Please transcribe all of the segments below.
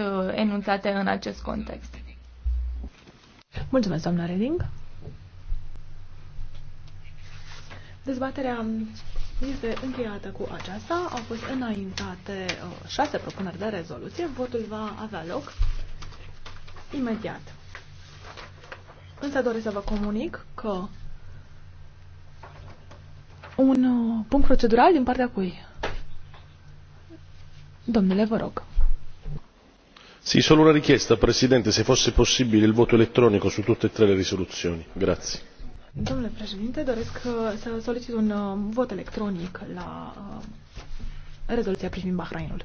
Uh, enunțate în acest context. Mulțumesc, doamna Reding. Dezbaterea este încheiată cu aceasta. Au fost înaintate uh, șase propuneri de rezoluție. Votul va avea loc imediat. Însă doresc să vă comunic că un uh, punct procedural din partea cui? Domnule, vă rog solo una richiesta presidente se fosse possibile il voto elettronico su tutte e tre le risoluzioni. domnule președinte doresc uh, să solicit un uh, vot electronic la uh, rezoluția privind bahrainul.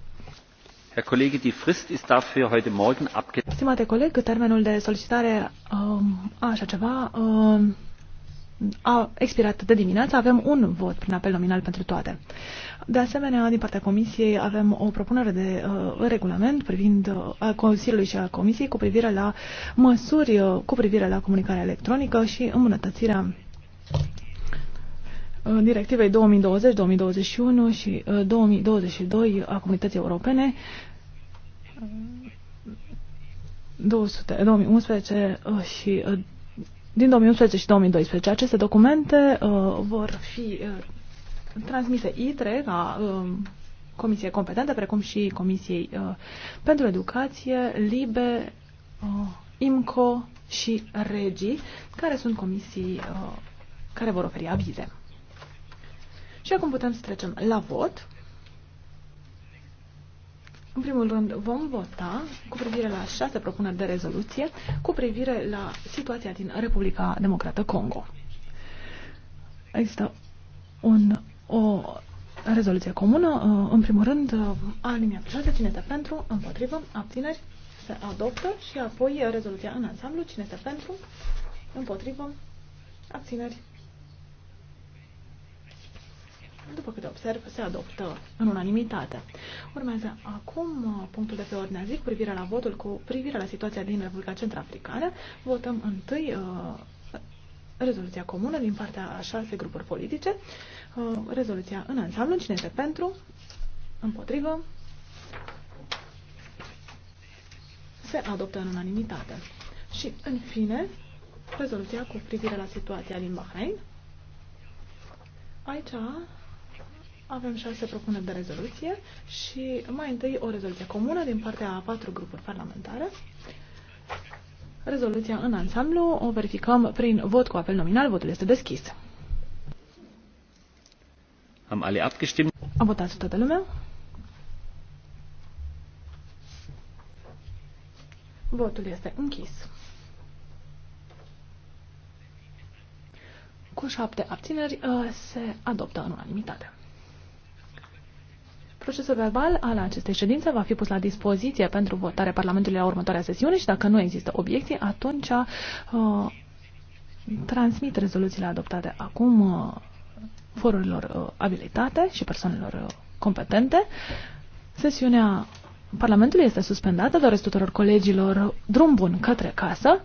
Stimate coleg, termenul de solicitare um, a așa ceva um, a expirat de dimineață, avem un vot prin apel nominal pentru toate. De asemenea, din partea Comisiei avem o propunere de uh, regulament privind uh, a Consiliului și a Comisiei cu privire la măsuri uh, cu privire la comunicarea electronică și îmbunătățirea uh, directivei 2020-2021 și 2022 uh, a Comunității Europene. 200, uh, 2011 și din 2011 și 2012. Aceste documente uh, vor fi uh, transmise ITRE la uh, comisie competentă, precum și Comisiei uh, pentru Educație, LIBE, uh, IMCO și REGI, care sunt comisii uh, care vor oferi avize. Și acum putem să trecem la vot. În primul rând, vom vota cu privire la șase propuneri de rezoluție cu privire la situația din Republica Democrată Congo. Există un, o rezoluție comună. Uh, în primul rând, uh, aliniatul șase cine este pentru, împotrivă, abțineri, se adoptă și apoi uh, rezoluția în ansamblu, cine este pentru, împotrivă, abțineri, după câte observ, se adoptă în unanimitate. Urmează acum uh, punctul de pe ordinea zi cu privire la votul cu privire la situația din Republica Centrafricană. Votăm întâi uh, rezoluția comună din partea a șase grupuri politice. Uh, rezoluția în ansamblu. Cine este pentru? Împotrivă? Se adoptă în unanimitate. Și, în fine, rezoluția cu privire la situația din Bahrain. Aici avem șase propuneri de rezoluție și mai întâi o rezoluție comună din partea a patru grupuri parlamentare. Rezoluția în ansamblu o verificăm prin vot cu apel nominal. Votul este deschis. Am alle abgestimmt. A votat toată lumea. Votul este închis. Cu șapte abțineri uh, se adoptă în unanimitate. Procesul verbal al acestei ședințe va fi pus la dispoziție pentru votare Parlamentului la următoarea sesiune și dacă nu există obiecții, atunci uh, transmit rezoluțiile adoptate acum uh, forurilor uh, abilitate și persoanelor uh, competente. Sesiunea Parlamentului este suspendată. Doresc tuturor colegilor drum bun către casă.